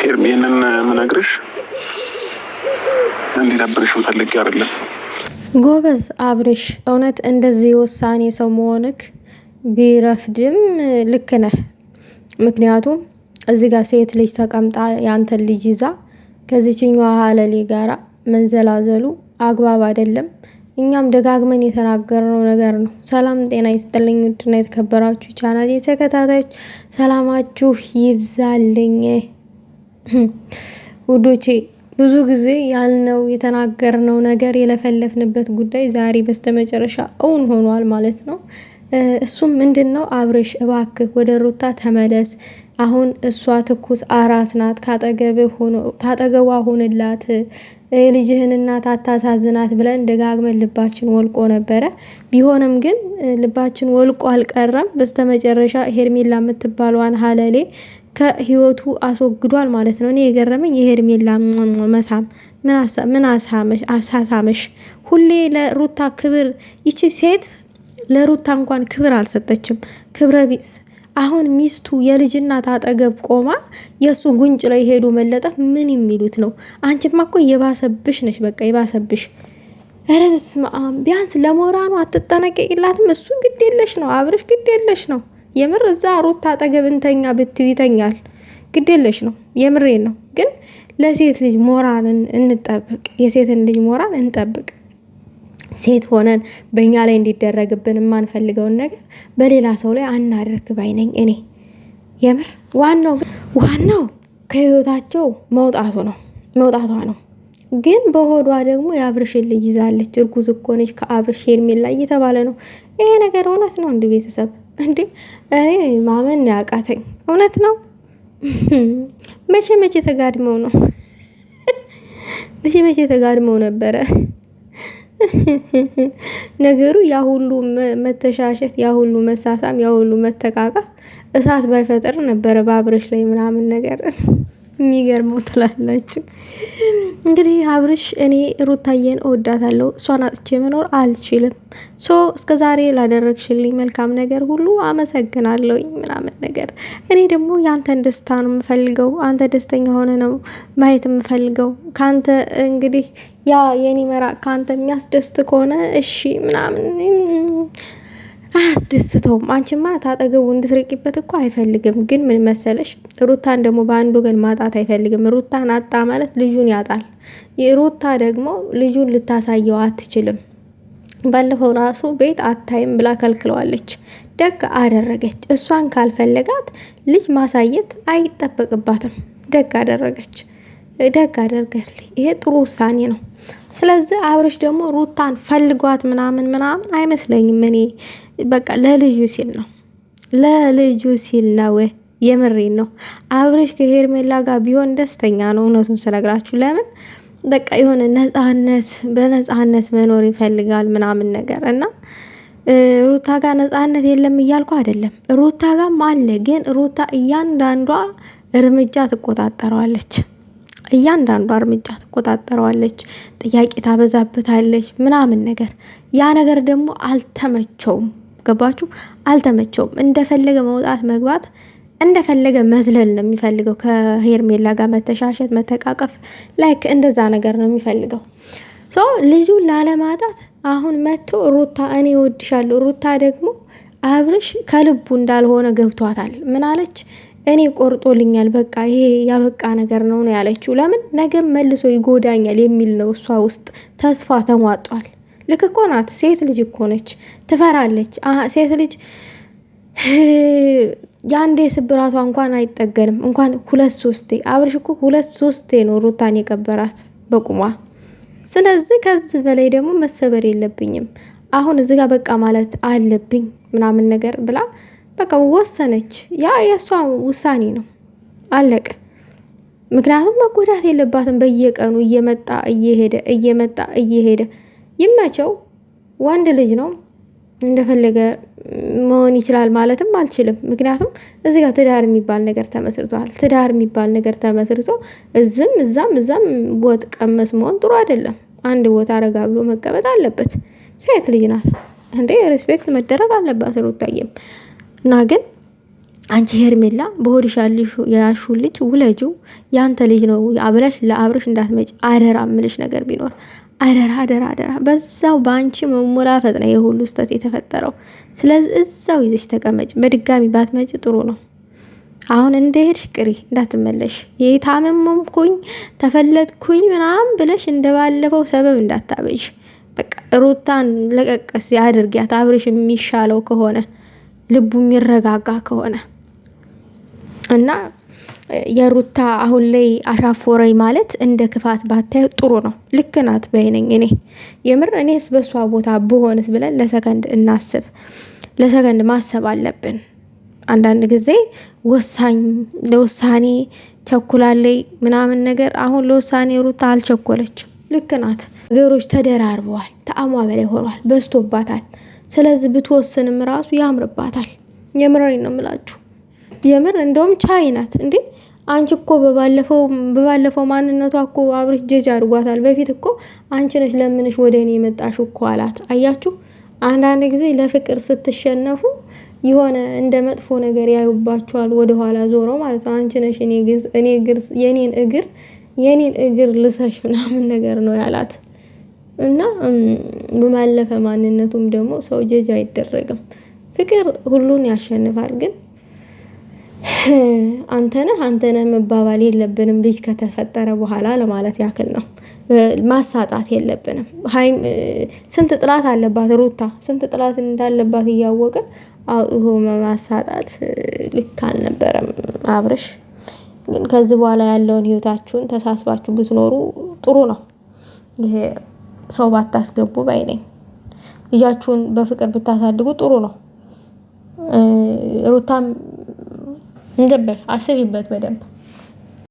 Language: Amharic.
ሄርሜ ይህንን ምነግርሽ እንዲደብርሽ ፈልጌ አይደለም። ጎበዝ አብርሽ፣ እውነት እንደዚህ ውሳኔ ሰው መሆንክ ቢረፍድም ልክ ነህ። ምክንያቱም እዚህ ጋር ሴት ልጅ ተቀምጣ ያንተን ልጅ ይዛ ከዚችኛዋ ሀለሌ ጋራ መንዘላዘሉ አግባብ አይደለም። እኛም ደጋግመን የተናገርነው ነገር ነው። ሰላም ጤና ይስጥልኝ ውድና የተከበራችሁ ቻናል የተከታታዮች ሰላማችሁ ይብዛልኝ። ውዶቼ ብዙ ጊዜ ያልነው የተናገርነው ነገር የለፈለፍንበት ጉዳይ ዛሬ በስተመጨረሻ እውን ሆኗል ማለት ነው። እሱም ምንድን ነው? አብርሽ እባክህ ወደ ሩታ ተመለስ። አሁን እሷ ትኩስ አራስ ናት። ታጠገቧ ሆንላት፣ ልጅህን እናት አታሳዝናት ብለን ደጋግመን ልባችን ወልቆ ነበረ። ቢሆንም ግን ልባችን ወልቆ አልቀረም። በስተመጨረሻ ሄርሜላ የምትባሏን ሀለሌ ከህይወቱ አስወግዷል ማለት ነው። እኔ የገረመኝ የሄርሜላ መሳም ምን አሳሳመሽ? ሁሌ ለሩታ ክብር ይቺ ሴት ለሩታ እንኳን ክብር አልሰጠችም። ክብረ ቢስ አሁን ሚስቱ የልጅ እናት አጠገብ ቆማ የእሱ ጉንጭ ላይ ሄዱ መለጠፍ ምን የሚሉት ነው? አንቺማ እኮ የባሰብሽ ነሽ፣ በቃ የባሰብሽ። ኧረ በስመ አብ! ቢያንስ ለሞራኑ አትጠነቀቂላትም? እሱ ግድ የለሽ ነው፣ አብረሽ ግድ የለሽ ነው። የምር እዛ ሩታ አጠገብ እንተኛ ብትዩ ይተኛል። ግዴለሽ ነው፣ የምሬን ነው። ግን ለሴት ልጅ ሞራልን እንጠብቅ፣ የሴትን ልጅ ሞራል እንጠብቅ። ሴት ሆነን በእኛ ላይ እንዲደረግብን የማንፈልገውን ነገር በሌላ ሰው ላይ አናደርግ ባይነኝ እኔ የምር ዋናው ዋናው ከህይወታቸው መውጣቱ ነው መውጣቷ ነው። ግን በሆዷ ደግሞ የአብርሽን ልጅ ይዛለች። እርጉዝ እኮ ነች ከአብርሽ ሄርሜላ እየተባለ ነው። ይሄ ነገር እውነት ነው እንዲ ቤተሰብ እንዴ እኔ ማመን ያቃተኝ እውነት ነው። መቼ መቼ ተጋድመው ነው መቼ መቼ ተጋድመው ነበረ ነገሩ። ያ ሁሉ መተሻሸት፣ ያ ሁሉ መሳሳም፣ ያ ሁሉ መተቃቀፍ እሳት ባይፈጠር ነበረ በአብረሽ ላይ ምናምን ነገር የሚገርመው ትላላችሁ። እንግዲህ አብርሽ እኔ ሩታዬን እወዳታለሁ፣ እሷን አጥቼ መኖር አልችልም። ሶ እስከ ዛሬ ላደረግሽልኝ መልካም ነገር ሁሉ አመሰግናለሁ ምናምን ነገር። እኔ ደግሞ የአንተን ደስታ ነው የምፈልገው። አንተ ደስተኛ ሆነ ነው ማየት የምፈልገው። ከአንተ እንግዲህ ያ የኔ መራቅ ከአንተ የሚያስደስት ከሆነ እሺ ምናምን አያስደስተውም። አንቺማ ታጠገቡ እንድትርቂበት እኮ አይፈልግም። ግን ምን መሰለሽ፣ ሩታን ደግሞ በአንድ ወገን ማጣት አይፈልግም። ሩታን አጣ ማለት ልጁን ያጣል። ሩታ ደግሞ ልጁን ልታሳየው አትችልም። ባለፈው ራሱ ቤት አታይም ብላ ከልክለዋለች። ደግ አደረገች። እሷን ካልፈለጋት ልጅ ማሳየት አይጠበቅባትም። ደግ አደረገች። ደግ አደርገል። ይሄ ጥሩ ውሳኔ ነው። ስለዚህ አብረሽ ደግሞ ሩታን ፈልጓት ምናምን ምናምን አይመስለኝም። እኔ በቃ ለልጁ ሲል ነው ለልጁ ሲል ነው። የምሬን ነው። አብረሽ ከሄርሜላ ጋር ቢሆን ደስተኛ ነው። እውነቱን ስነግራችሁ ለምን በቃ የሆነ ነጻነት በነጻነት መኖር ይፈልጋል ምናምን ነገር እና ሩታ ጋር ነጻነት የለም እያልኩ አይደለም። ሩታ ጋርም አለ፣ ግን ሩታ እያንዳንዷ እርምጃ ትቆጣጠረዋለች። እያንዳንዱ እርምጃ ትቆጣጠረዋለች፣ ጥያቄ ታበዛበታለች ምናምን ነገር። ያ ነገር ደግሞ አልተመቸውም። ገባችሁ? አልተመቸውም። እንደፈለገ መውጣት መግባት፣ እንደፈለገ መዝለል ነው የሚፈልገው። ከሄርሜላ ጋር መተሻሸት፣ መተቃቀፍ፣ ላይክ እንደዛ ነገር ነው የሚፈልገው። ሶ ልጁን ላለማጣት አሁን መጥቶ ሩታ እኔ እወድሻለሁ ሩታ ደግሞ አብርሽ ከልቡ እንዳልሆነ ገብቷታል። ምን አለች? እኔ ቆርጦልኛል፣ በቃ ይሄ ያበቃ ነገር ነው ነው ያለችው። ለምን ነገም መልሶ ይጎዳኛል የሚል ነው እሷ ውስጥ ተስፋ ተሟጧል። ልክ እኮ ናት። ሴት ልጅ እኮ ነች፣ ትፈራለች። ሴት ልጅ የአንዴ ስብራቷ እንኳን አይጠገንም፣ እንኳን ሁለት ሶስቴ። አብርሽ እኮ ሁለት ሶስቴ ነው ሩታን የቀበራት በቁሟ። ስለዚህ ከዚህ በላይ ደግሞ መሰበር የለብኝም አሁን እዚህ ጋር በቃ ማለት አለብኝ ምናምን ነገር ብላ በቃ ወሰነች። ያ የእሷ ውሳኔ ነው፣ አለቀ። ምክንያቱም መጎዳት የለባትም። በየቀኑ እየመጣ እየሄደ እየመጣ እየሄደ ይመቸው። ወንድ ልጅ ነው፣ እንደፈለገ መሆን ይችላል ማለትም አልችልም። ምክንያቱም እዚ ጋር ትዳር የሚባል ነገር ተመስርቷል። ትዳር የሚባል ነገር ተመስርቶ እዝም እዛም እዛም ወጥ ቀመስ መሆን ጥሩ አይደለም። አንድ ቦታ አረጋ ብሎ መቀመጥ አለበት። ሴት ልጅ ናት እንዴ፣ ሬስፔክት መደረግ አለባት። ሩታዬም እና ግን አንቺ ሄርሜላ በሆድሽ ያሹ ልጅ ውለጁ ያንተ ልጅ ነው አብለሽ ለአብረሽ እንዳትመጭ አደራ ምልሽ ነገር ቢኖር አደራ አደራ አደራ። በዛው በአንቺ መሞላፈጥ ነው የሁሉ ስተት የተፈጠረው። ስለዚህ እዛው ይዘሽ ተቀመጭ። በድጋሚ ባትመጭ ጥሩ ነው። አሁን እንደሄድሽ ቅሪ እንዳትመለሽ። የታመመምኩኝ ተፈለጥኩኝ ምናምን ብለሽ እንደባለፈው ሰበብ እንዳታበዥ። በቃ ሩታን ለቀቀስ አድርጊያት አብርሽ የሚሻለው ከሆነ ልቡ የሚረጋጋ ከሆነ እና የሩታ አሁን ላይ አሻፎረኝ ማለት እንደ ክፋት ባታየው ጥሩ ነው። ልክ ናት በይነኝ። እኔ የምር እኔስ በሷ ቦታ ብሆንስ ብለን ለሰከንድ እናስብ። ለሰከንድ ማሰብ አለብን። አንዳንድ ጊዜ ወሳኝ ለውሳኔ ቸኩላለይ ምናምን ነገር አሁን ለውሳኔ ሩታ አልቸኮለችም። ልክ ናት። ነገሮች ተደራርበዋል፣ ተአማ በላይ ሆኗል፣ በዝቶባታል። ስለዚህ ብትወስንም ራሱ ያምርባታል። የምረሪ ነው የምላችሁ። የምር እንደውም ቻይ ናት እንዴ! አንቺ እኮ በባለፈው በባለፈው ማንነቷ እኮ አብርሽ ጀጅ አድርጓታል። በፊት እኮ አንቺ ነሽ ለምንሽ ወደ እኔ የመጣሽ እኮ አላት። አያችሁ፣ አንዳንድ ጊዜ ለፍቅር ስትሸነፉ የሆነ እንደ መጥፎ ነገር ያዩባችኋል፣ ወደኋላ ዞሮ ማለት ነው። አንቺ ነሽ የኔን እግር የኔን እግር ልሰሽ ምናምን ነገር ነው ያላት። እና በማለፈ ማንነቱም ደግሞ ሰው ጀጅ አይደረግም። ፍቅር ሁሉን ያሸንፋል። ግን አንተነህ አንተነህ መባባል የለብንም ልጅ ከተፈጠረ በኋላ ለማለት ያክል ነው። ማሳጣት የለብንም። ስንት ጥላት አለባት ሩታ፣ ስንት ጥላት እንዳለባት እያወቀ አውጥቶ ማሳጣት ልክ አልነበረም አብርሽ። ግን ከዚህ በኋላ ያለውን ህይወታችሁን ተሳስባችሁ ብትኖሩ ጥሩ ነው። ይሄ ሰው ባታስገቡ ባይ ነኝ። ልጃችሁን በፍቅር ብታሳድጉ ጥሩ ነው። ሩታም እንገበል አስቢበት በደንብ